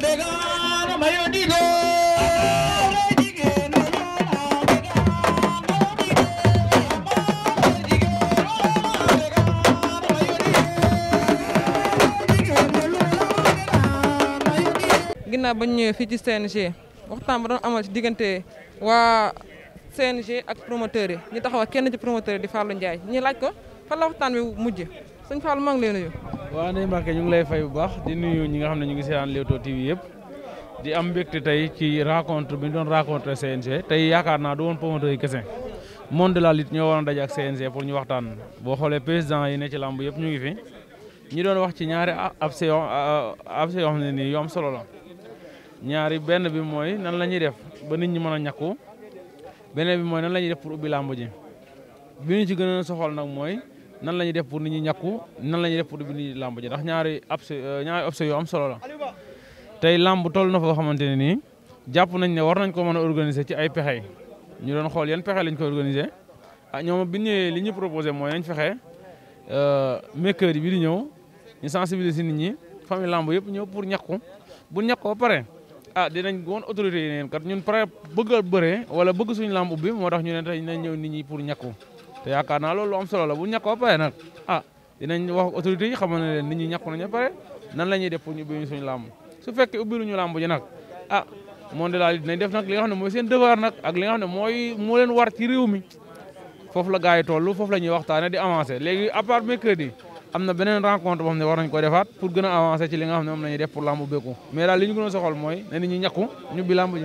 ginnaaw ba ñu ñëwee fii ci CNG waxtaan ba doon amal ci diggante waa CNG ak promoteur yi ñu taxaw ak kenn ci promoteur yi di Fallou njaay ñu laaj ko fan la waxtaan bi mujj sëñ Fallou maa ngi lay nuyu waaw Ndeye Mbacke ñu ngi lay fay bu baax di nuyu ñi nga xam ne ñu ngi seetaan Leewtoo TV yëpp di am mbégte tey ci racontre bi ñu doon rencontre CNG tey yaakaar naa du woon promoteur yi kese monde de la lutte ñoo waroon daje ak CNG pour ñu waxtaan boo xoolee président yi ne ci làmb yëpp ñu ngi fi ñi doon wax ci ñaari abse abse yoo xam ne nii yu am solo la ñaari benn bi mooy nan la ñuy def ba nit ñi mën a ñàkku beneen bi mooy nan la ñuy def pour ubbi làmb ji bi ci gën a nag mooy nan la ñuy def pour nit ñi ñàkku nan la ñuy def pour nit ñi làmb ji ndax ñaari abs euh, ñaari obse yu am solo la tey làmb toll na foo xamante ne nii jàpp nañ ne war nañ ko mën a organiser ci ay pexe ñu doon xool yan pexe lañ ko organiser ah ñoom bi ñëwee li ñu proposé mooy nañ fexe euh, mercredi bi di ñëw ñu sensibiliser nit ñi famille làmb yëpp ñëw pour ñàkku bu ñàkkoo pare ah dinañ woon autorité yi neen kat ñun pare bëgg a bëree wala bëgg suñ làmb moo tax ñu ne tey nañ ñëw nit ñi pour ñàkku te yaakaar naa loolu am solo la bu ñàkkoo pare nag ah dinañ wax autorités yi na ne nit ñi ñàkk nañu pare nan la ñuy def pour ñu ubbi ñu suñu làmb su fekkee ubbi lu ñu làmb ji nag ah monde daal dinañ def nag li nga xam ne mooy seen devoir nag ak li nga xam ne mooy moo leen war ci réew mi foofu la gars yi toll foofu la ñuy waxtaanee di avancer léegi à part mercredi am na beneen rencontre boo xam ne war nañ ko defaat pour gën a avancer ci li nga xam ne moom la ñuy def pour làmb ubbeeku mais daal li ñu gën a soxal mooy ne nit ñi ñu ubbi làmb ji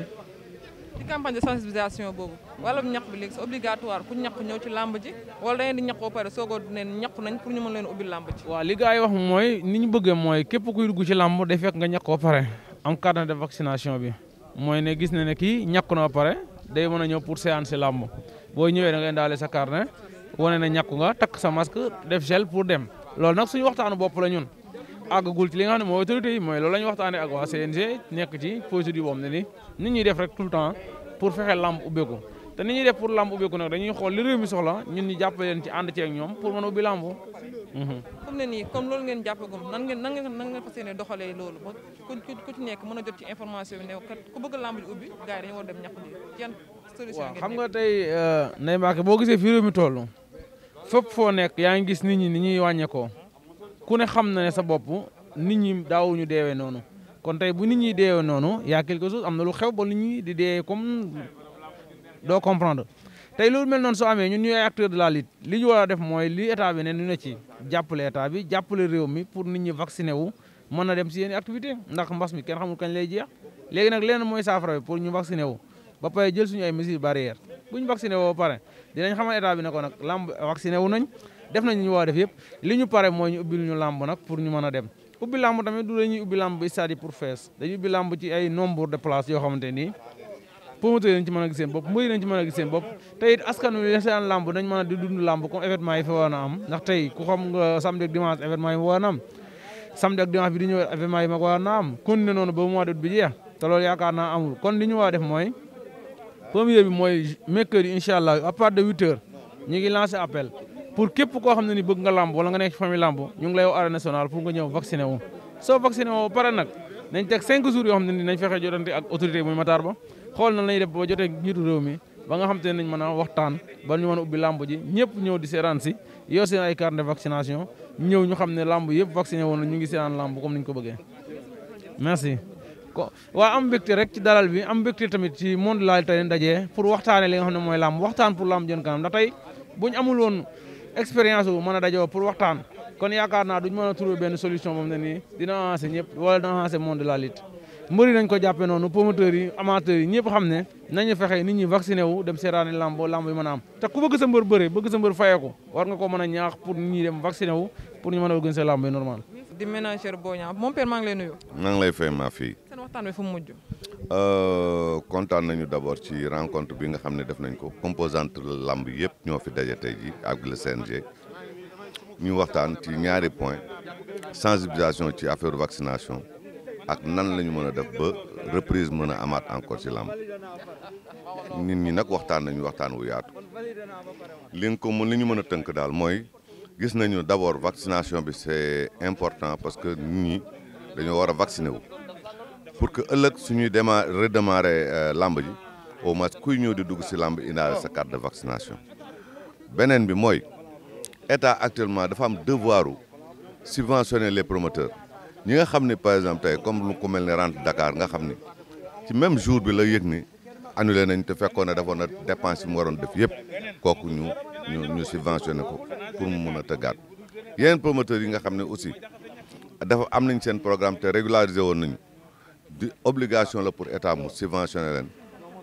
ci campagne de sensibilisation boobu wàllum ñaq bi léegi c'est obligatoire ku ñaq ñëw ci làmb ji wala da ngeen di ñaq ba pare soogoo neen ñaq nañ pour ñu mën leen ubbi làmb ji waaw li gars yi wax mooy ni ñu bëggee mooy képp kuy dugg ci làmb day fekk nga ñaq ba pare am carnet de vaccination bi mooy ne gis na ne kii ñaq na ba pare day mën a ñëw pour séance si làmb boo ñëwee da ngay daale sa carnet wane na ñàkku nga takk sa masque def gel pour dem loolu nag suñu waxtaanu bopp la ñun àggagul ci li nga xam ne mooy autorité yi mooy loolu ñu waxtaanee ak waa CNG nekk ci procédure boobu ne ni nit ñuy def rek tout le temps pour fexe lamb ubbeeku te nit ñuy def pour lamb ubbeeku nag dañuy xool li réew mi leen ci ànd ci ak ñoom mhm. loolu ngeen jàppagum nan ngeen nan ngeen nan ngeen fas yéene nekk a jot ci information bi ne kat ku bëgg lamb ji ubbi gars dañu war dem ñàkk ji yan solution. waaw xam nga tey euh, boo gisee fi réew mi toll foo nekk yaa ngi gis nit ñi ni ñuy wàññeekoo ku ne xam na ne sa bopp nit ñi daawuñu deewee noonu kon tey bu nit ñi deewee noonu y a quelque chose am na lu xew ba nit ñi di deewee comme doo comprendre tey loolu mel noonu soo amee ñun ñuy ay acteur de la lutte li ñu war a def mooy li état bi ne ñu ne ci jàppale état bi jàppale réew mi pour nit ñi vacciné wu mën na dem si yenn activité ndax mbas mi kenn xamul kañ lay jeex léegi nag leneen mooy saafara bi pour ñu vacciné wu ba pare jël suñu ay mesures barrières bu ñu vacciné woo ba pare dinañ xamal état bi ne ko nag lamb vacciné wu nañ def nañ ñu waa def yëpp li ñu pare mooy ñu ubbil ñu làmb nag pour ñu mën a dem ubbi làmb tamit du dañuy ubbi làmb stade yi pour fees dañuy ubbi làmb ci ay nombre de places yoo xamante nii promoteur lañ ci mën a gis seen bopp mbëri lañ ci mën a gis seen bopp te it askan wi la làmb dañ mën a di dund làmb comme événement yi fa a am ndax tey ku xam nga samedi ak dimanche événement yi ma war a am samedi ak dimanche bi di ñëw événement yi a am noonu ba mois d'août bi jeex te loolu yaakaar naa amul kon li ñu war a def mooy premier bi mooy mercredi incha allah à partir de huit heures ñu ngi lancé appel pour képp koo xam ne ni bëgg nga làmb wala nga nekk ci làmb ñu ngi lay pour nga ñëw vacciné soo vacciné pare nag nañ teg 5 yoo xam ne ni nañ fexe jotante ak autorité muy Matar Ba xool na lañuy def ba jotee njiitu réew mi ba nga xam te nañ mën a waxtaan ba ñu mën a ubbi làmb ji ñëpp ñëw di seetaan si yoo seen ay carte de vaccination ñëw ñu xam ne làmb yëpp vacciné woon na ñu ngi seetaan làmb comme niñ ko bëggee merci ko waaw am mbégte rek ci bi am mbégte tamit ci monde laal tey dajee pour waxtaane li nga xam ne mooy làmb waxtaan pour làmb jën kanam expérience wu mën a dajoo pour waxtaan kon yaakaar naa duñ mën a trouver benn solution moom ne nii dina avancé ñëpp wala dina avancé monde la lutte mbëri nañ ko jàppee noonu promoteurs yi amateurs ñëpp xam ne nañu fexe nit ñi vacciné wu dem seeraani lambo lambo yi mën a am te ku bëgg sa mbër bëre bëgg sa fayee ko war nga ko mën a ñaax pour nit ñi dem vacciné wu pour ñu mën a organiser lambo yi normal di ménagère Boy Niang mon père maa ngi lay nuyu. maa ngi lay fay maa fii. fu mu mujj. Euh, kontaan nañu d' abord ci rencontre bi nga xam ne def nañ ko composante lamb yëpp ñoo fi daje tey ji ak le CNG ñu waxtaan ci ñaari point sensibilisation ci affaire vaccination ak nan lañu mën a def ba reprise mën a amaat encore ci lamb nit ñi nag waxtaan nañu waxtaan wu yaatu li ko mën li ñu mën a tënk daal mooy. gis nañu d' abord vaccination bi c' est important parce que nit ñi dañoo war a vacciner wu pour que ëllëg suñuy déma redémarrer euh, làmb ji au moins kuy ñëw di dugg si làmb indaale sa carte de vaccination beneen bi mooy état actuellement dafa am devoir u subventionner les promoteurs ñi nga xam ne par exemple tey comme lu ko mel ne rente Dakar nga xam ni ci même jour bi la yëg ni annulé nañ te fekkoon ne dafa na dépense yi mu waroon def yëpp kooku ñu ñu ñu subventionné ko pour mu mun a tëggaat yeneen promoteurs yi nga xam ne aussi dafa am nañ seen programme te régularisé woon nañu di obligation la pour état mu subventionné leen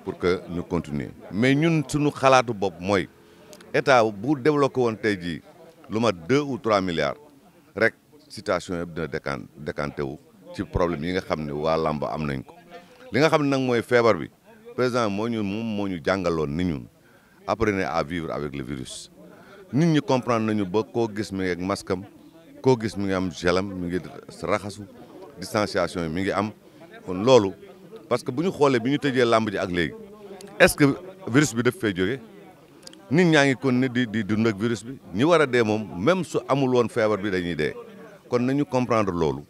pour que ñu continuer mais ñun suñu xalaatu bopp mooy état bu développé woon tey jii lu ma deux ou trois milliards rek situation yëpp dina décan décanté wu ci problème yi nga xam ni waa làmb am nañ ko li nga xam ne nag mooy feebar bi président moo ñu moom moo ñu jàngaloon ni ñun apprenez a vivre avec le virus nit ñi comprendre nañu ba koo gis mi ngi maskam koo gis mi ngi am gelam mi ngi raxasu distanciation yi mi ngi am kon loolu parce que bu ñu xoolee bi ñu tëjee làmb ji ak léegi est-ce que virus bi daf fay jóge nit ñaa ngi kon ne di di dund ak virus bi ñi war a dee moom même su amul woon feebar bi dañuy dee kon nañu comprendre loolu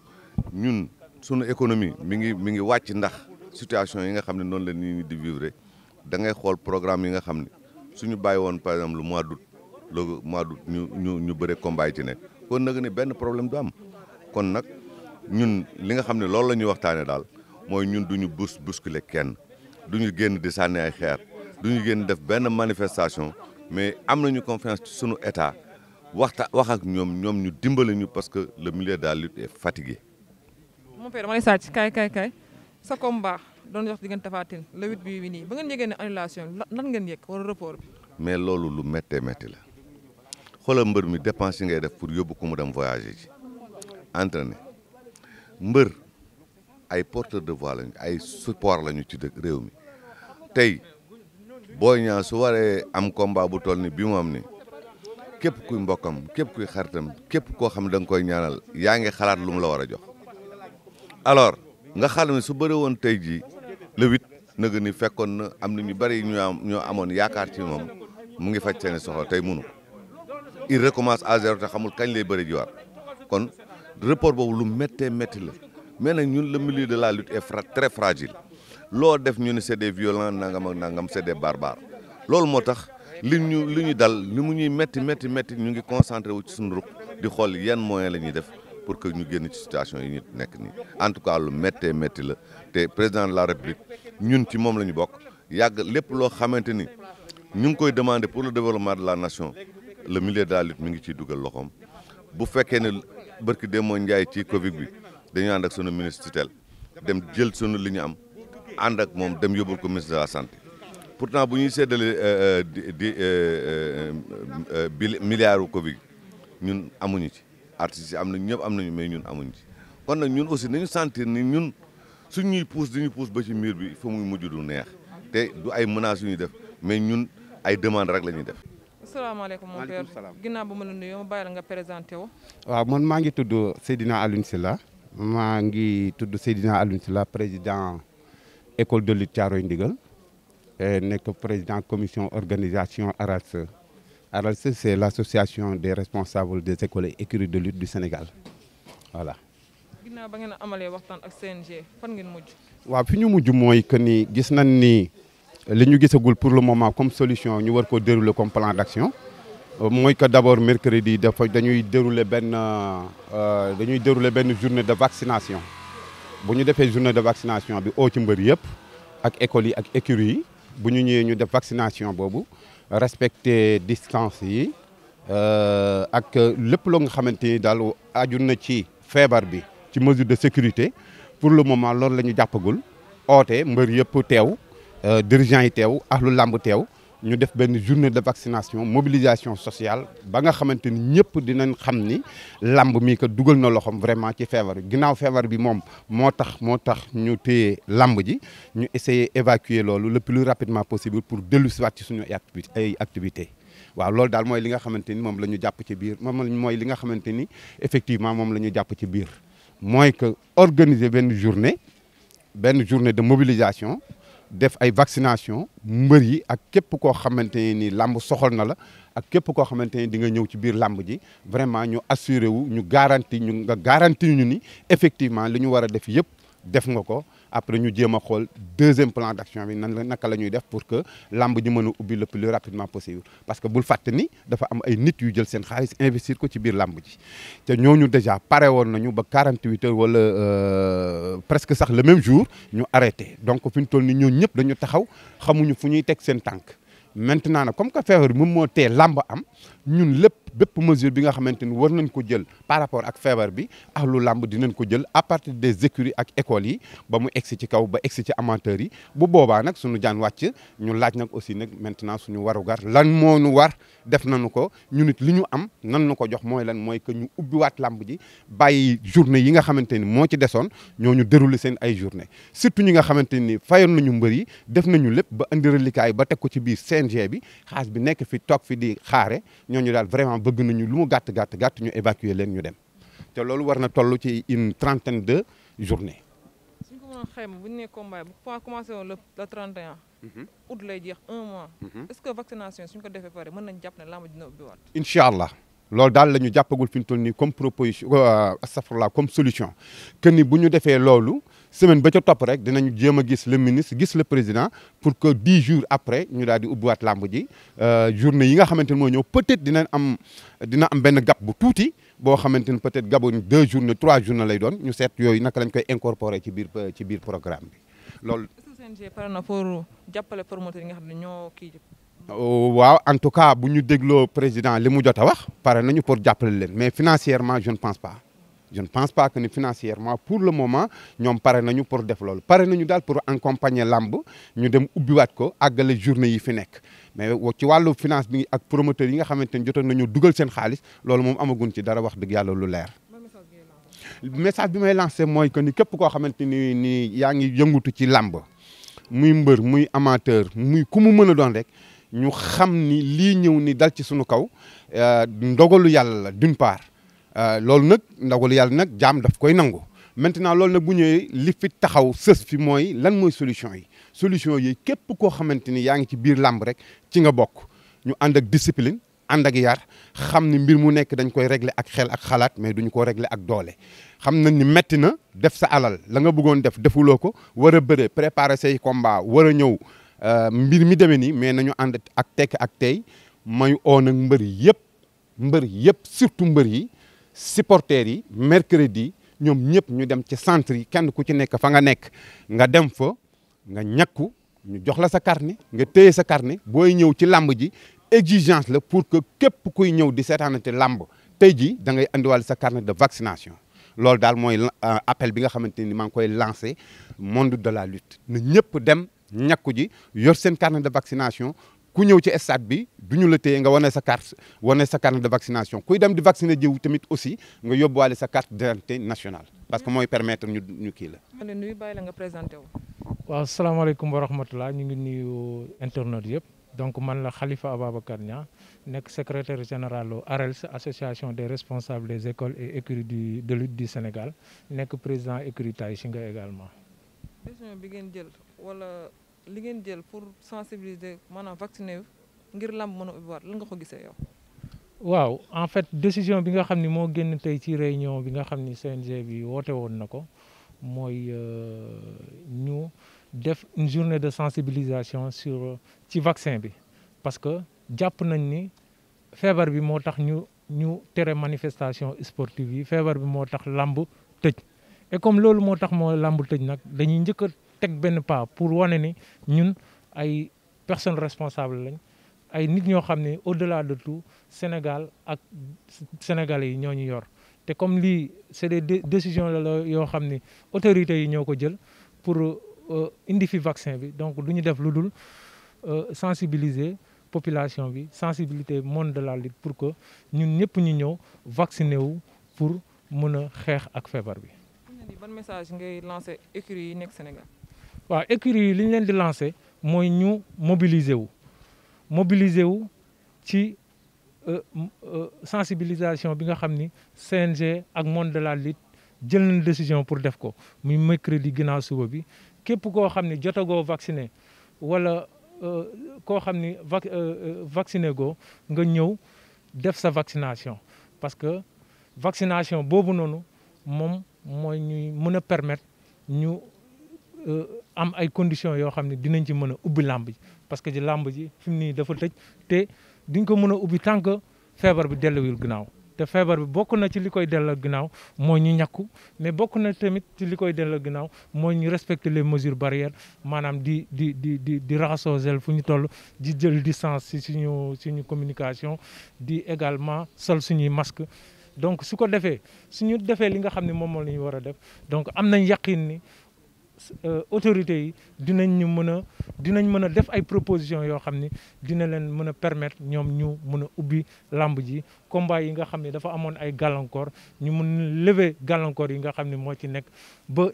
ñun sunu économie mi ngi mi ngi wàcc ndax situation yi nga xam ne noonu la nit ñi di vivre da xool programme yi nga xam ne suñu bàyyi woon par exemple le mois d'août le mois d'août ñu ñu ñu bëre combat yi ci ne kon nag ne benn problème du am kon nag ñun li nga xam ne loolu la ñuy waxtaanee daal mooy ñun duñu bus bousculer kenn duñu génn di sànni ay xeer duñu génn def benn manifestation mais am nañu confiance ci suñu état waxta wax ak ñoom ñoom ñu dimbali ñu parce que le milliere daal la lutte est fatigué. mon père ma lay sàcc kay kay kay sa combat doon jox diggante Tapha Tine le huit bi nii ba ngeen yëgee ne annulation lan ngeen yëg wala report bi. mais loolu lu méttee métti la xoolal mbër mi dépense yi ngay def pour yóbbu ko mu dem voyager ji entraîner mbër ay porteur de voix lañu ay support lañu ci dëkk réew mi tey Boy Niang su waree am combat bu toll ni bii mu am ni képp kuy mbokkam képp kuy xaritam képp koo xam ne da koy ñaanal yaa ngi xalaat lu mu la war a jox alors nga xam ne su bëri woon tey jii le huit nag ni fekkoon na am na ñu bëri ñu am ñoo amoon yaakaar ci moom mu ngi faj seen soxla tey munu il recommence à zéro te xamul kañ lay bëri jiwaat kon report boobu lu méttee métti la mais nag ñun le milieu de la lutte est fra très fragile loo def ñu ne c'est des violents nangam ak nangam c'est des barbares loolu moo tax li ñu li ñu dal li mu ñuy métti métti métti ñu ngi concentré wu ci suñu di xool yan moyen la ñuy def pour que ñu génn ci situation yi nit nekk nii en tout cas lu méttee métti la te président de la république ñun ci moom la ñu bokk yàgg lépp loo xamante ni ñu ngi koy demander pour le développement de la nation le milieu de la lutte mi ngi ciy dugal loxoom bu fekkee ne barki Demba Ndiaye ci Covid bi dañu ànd ak sunu ministre tutelle dem jël sunu li ñu am ànd ak moom dem yóbbul ko ministre de la santé pourtant bu ñuy séddale euh, euh, di di euh, milliards Covid ñun amuñu ci. artistes yi am nañ ñëpp am nañu mais ñun amuñ ci kon nag ñun aussi nañu sentir ni ñun suñuy ñuy pousse di ñu pousse ba ci mur bi fa muy mujj du neex te du ay menaces yu ñuy def mais ñun ay demandes rek la ñuy def. asalaamaaleykum mon père ginnaaw ba ma la nuyoo ma bàyyi la nga présenté wu. waaw man maa ngi tudd Seydina Alioune Sylla maa ngi tudd Seydina si la président école de lutte Thiaroye Ndigal nekk président commission organisation ARAS e. ARALSE c'est l'association des responsables des écoles et écuries de lutte du Sénégal voilà. ginnaaw ba ngeen amalee waxtaan ak CNG fan ngeen mujj. waaw fi ñu mujj mooy que nii gis nañ ni li ñu gisagul pour le moment comme solution ñu war koo dérouler comme plan d'action euh, mooy que d'abord mercredi dafa dañuy dérouler benn euh, dañuy dérouler benn journée de vaccination bu ñu defee journée de vaccination bi oo ci mbër yëpp ak écoles yi ak écuries yi bu ñu ñëwee ñu def vaccination boobu. respecter distance yi euh, ak lépp loo nga xamante ni daal aju na ci feebar bi ci mesure de sécurité pour le moment loolu la ñu jàppagul oote mbër yëpp teew euh, dirigeant yi teew ahlu làmb teew ñu def benn journée de vaccination mobilisation sociale ba nga xamante ni ñëpp dinañ xam ni làmb mi ko dugal na loxoom vraiment ci feebar bi ginnaaw feebar bi moom moo tax moo tax ñu téye làmb ji ñu essayer évacuer loolu le plus rapidement possible pour dellu siwaat ci suñu ay activité waaw loolu daal mooy li nga xamante ni moom la ñu jàpp ci biir moom mooy li nga xamante ni effectivement moom la ñu jàpp ci biir mooy que organiser benn journée benn journée de mobilisation def ay vaccination mbër yi ak képp koo xamante ni làmb soxal na la ak képp koo xamante ni di nga ñëw ci biir làmb ji vraiment ñu assuré wu ñu garanti ñu nga garanti ñu ni effectivement li ñu war a def yëpp def nga ko après ñu jéem a xool deuxième plan d' action bi nan la la ñuy def pour que lamb ji ubbi le plus rapidement possible parce que bul fàtte ni dafa am ay nit yu jël seen xaalis investir ko ci biir lamb ji te ñooñu déjà pare woon nañu ba 48 heures wala euh, presque sax le même jour ñu arrêté donc fu ñu toll ni ñoo ñëpp dañu taxaw xamuñu fu ñuy teg seen tànk maintenant nag comme que feebar bi moo tee lamb am ñun lépp bépp mesure bi nga xamante ni war nañ ko jël par rapport ak feebar bi ahlu làmb dinañ ko jël à partir des écuries ak écoles yi ba mu egsi ci kaw ba egsi ci amateurs yi bu boobaa nag suñu jaan wàcc ñu laaj nag aussi nag maintenant suñu warugar lan moo nu war def nañu ko ñu it li ñu am nan nu ko jox mooy lan mooy que ñu ubbiwaat làmb ji bàyyi journée yi nga xamante ni moo ci desoon ñoo ñu déroulé seen ay journée surtout ñi nga xamante ni fayoon nañu mbër yi def nañu lépp ba indi relikaay ba teg ko ci biir CNG bi xaas bi nekk fi toog fi di xaare ñooñu daal vraiment bëgg nañu lu mu gàtt gàtt gàtt ñu évacuer leen ñu dem te loolu war na toll ci une trentaine de journées. suñ ko mën a xayma bu ñu nee combat bu ko la woon le mhm. la 31. jeex un mois. Mhm. est-ce que vaccination suñ ko defee pare mën nañ jàpp ne làmb dina ubbiwaat. incha allah loolu daal la jàppagul fi ñu toll nii comme proposition euh, astafurlah comme solution que ni bu ñu defee loolu. semaine ba ca topp rek dinañu jéem a gis le ministre gis le président pour que dix jours après ñu daal di ubbiwaat làmb ji euh, journée yi nga xamante ne moo ñëw peut-être dina am dina am benn gap bu tuuti boo xamante ne peut-être gaboon deux journées trois journées lay doon ñu seet yooyu naka lañ koy incorporer ci biir ci biir programme bi loolu. CNG pare na pour jàppale promoteur yi nga xam ne ñoo kii. Euh, waaw en tout cas bu ñu dégloo président li mu jot a wax pare nañu pour jàppale leen mais financièrement je ne pense pas. je pense pas que ni financièrement pour le moment ñoom pare nañu pour def loolu pare nañu daal pour accompagner làmb ñu dem ubbiwaat ko ak àggale journée yi fi nekk mais ci wàllu finance bi ak promoteur yi nga xamante ni jotoon nañu dugal seen xaalis loolu moom amagun ci dara wax dëgg yàlla lu leer. message bi may lancé mooy que ni képp koo xamante ni ni yaa ngi yëngutu ci làmb muy mbër muy amateur muy ku mu mën a doon rek ñu xam ni lii ñëw ni dal ci suñu kaw euh, ndogalu yàlla la d'une part. Euh, loolu nag ndogalu yàlla nag jaam daf koy nangu maintenant loolu nag bu ñëwee li taxaw sës fi mooy lan mooy solution yi solution yi képp koo xamante ni yaa ngi ci biir làmb rek ci nga bokk ñu ànd ak discipline ànd ak yar xam ni mbir mu nekk dañ koy régler ak xel ak xalaat mais duñu ko régler ak doole xam nañ ni metti na def sa alal la nga bëggoon def defuloo ko war a bëre préparer say combat war a ñëw euh, mbir mi demee nii mais nañu ànd ak tekk ak tey may o nag mbër yëpp mbër yëpp surtout mbër yi supporters yi mercredi ñoom ñëpp ñu dem ci centre yi kenn ku ci nekk fa nga nekk nga dem fa nga ñakku ñu jox la sa carnet nga téye sa carnet booy ñëw ci làmb ji exigence la pour que képp kuy ñëw di seetaanate lamb tey jii dangay ngay andiwaale sa carnet de vaccination loolu daal mooy euh, appel bi nga xamante ni maa ngi koy lancé monde de la lutte na ñëpp dem ñakku ji yor seen carnet de vaccination ku ñëw ci stade bi du la téye nga wane sa carte wane sa carnet de vaccination kuy dem di vacciner jiw tamit aussi nga yóbbuwaale sa carte d'identité nationale parce que mooy permettre ñu ñu kii la. ma nuyu bàyyi la nga présenté wu. waaw salaamaaleykum wa rahmatulah ñu ngi nuyu internautes yëpp donc man la Khalifa Ababacar Niang nekk secrétaire général ARELS association des responsables des écoles et écuries du de lutte du Sénégal nekk président écurie Tay Shinga également. li ngeen jël pour sensibiliser maanaam vacciner ngir làmb mën a ubbiwaat lan nga ko gisee yow. waaw en fait décision bi nga xam ni moo génn tey ci réunion bi nga xam ni CNG bi woote woon na ko mooy euh, ñu def une journée de sensibilisation sur ci vaccin bi parce que jàpp nañ ni feebar bi moo tax ñu ñu tere manifestation sportive yi feebar bi moo tax lamb tëj et comme loolu moo tax moo làmb tëj nag dañuy njëkk teg benn pas pour wane ni ñun ay personne responsables lañ ay nit ñoo xam ne au-delà de de tout Sénégal ak Sénégalais yi ñoo ñu yor te comme lii c'est des décisions la la yoo xam ni autorités yi ñoo ko jël pour euh, indi fi vaccin bi donc du ñu def lu dul euh, sensibiliser population bi sensibilité mone de la lutte pour que ñun ñëpp ñu ñëw vacciner wu pour mën a xeex ak feebar bi. ban message ngay yi nekk Sénégal. waaw écurie yi li leen di lancé mooy ñu mobiliser wu mobiliser wu ci euh, euh, sensibilisation bi nga xam ni CNG ak monde de la lutte jël nañ décision pour def ko muy mercredi ginnaaw suba bi képp koo xam ni jotagoo vacciné wala euh, koo xam ni vac vacciné goo nga ñëw def sa vaccination parce que vaccination boobu noonu moom mooy ñuy mën a permettre ñu am ay conditions yoo xam ne dinañ ci mën a ubbi làmb ji parce que ji làmb ji fi nii dafa tëj te duñ ko mën a ubbi tant feebar bi delluwul ginnaaw te feebar bi bokk na ci li koy delloo ginnaaw moo ñu ñàkku mais bokk na tamit ci li koy delloo ginnaaw moo ñu respecter les mesures barrières maanaam di di di di di raxasoo gel fu ñu toll di jël distance si suñu suñu communication di également sol suñuy masque donc su ko defee su ñu defee li nga xam ne moom moo la ñu war a def donc am nañ yaqin ni Euh, autorités yi dinañ ñu mën a dinañ mën a def ay propositions yoo xam ni dina leen mën a permettre ñoom ñu mën a ubbi làmb ji combat yi nga xam ne dafa amoon ay gàllankoor ñu mun lever gàllankoor yi nga xam ne moo ci nekk ba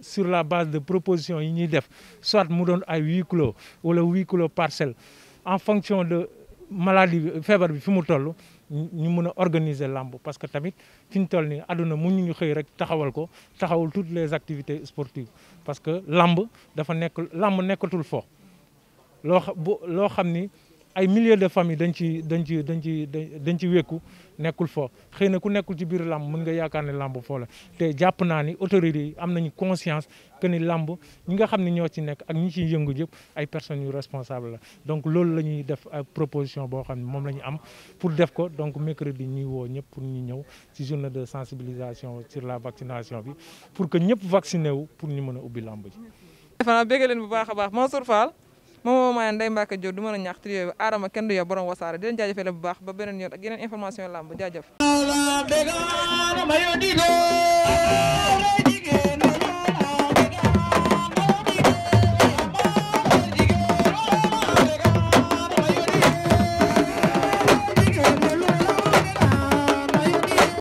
sur la base de propositions yi ñuy def soit mu doon ay huis clos wala huis clos parcelle en fonction de maladie feebar bi fi mu toll ñu mën a organiser làmb parce que tamit fi ñu toll nii àdduna mu ñu xëy rek taxawal ko taxawul toutes les activités sportives parce que làmb dafa nekk làmb nekkatul fo loo xam ni ay milliers de familles dañ ci dañ ci dañ ci dañ ci wékku nekkul foo xëy na ku nekkul ci biir làmb mun nga yaakaar ne làmb foo la te jàpp naa ni autorités yi am nañu conscience que ni làmb ñi nga xam ni ñoo ci nekk ak ñu ci yëngu yëpp ay personnes yu responsable la donc loolu lañuy def proposition boo xam ne moom la ñu am pour def ko donc di ñuy woo ñëpp pour ñu ñëw ci journée de sensibilisation sur la vaccination bi pour que ñëpp vacciné wu pour ñu mën a ubbi làmb ji. defe naa moom maa naan day Mbacke Diop du mën a ñaax trio bi kenn du yow borom wasaare di leen jaajëfale bu baax ba beneen yoon ak yeneen information làmb jaajëf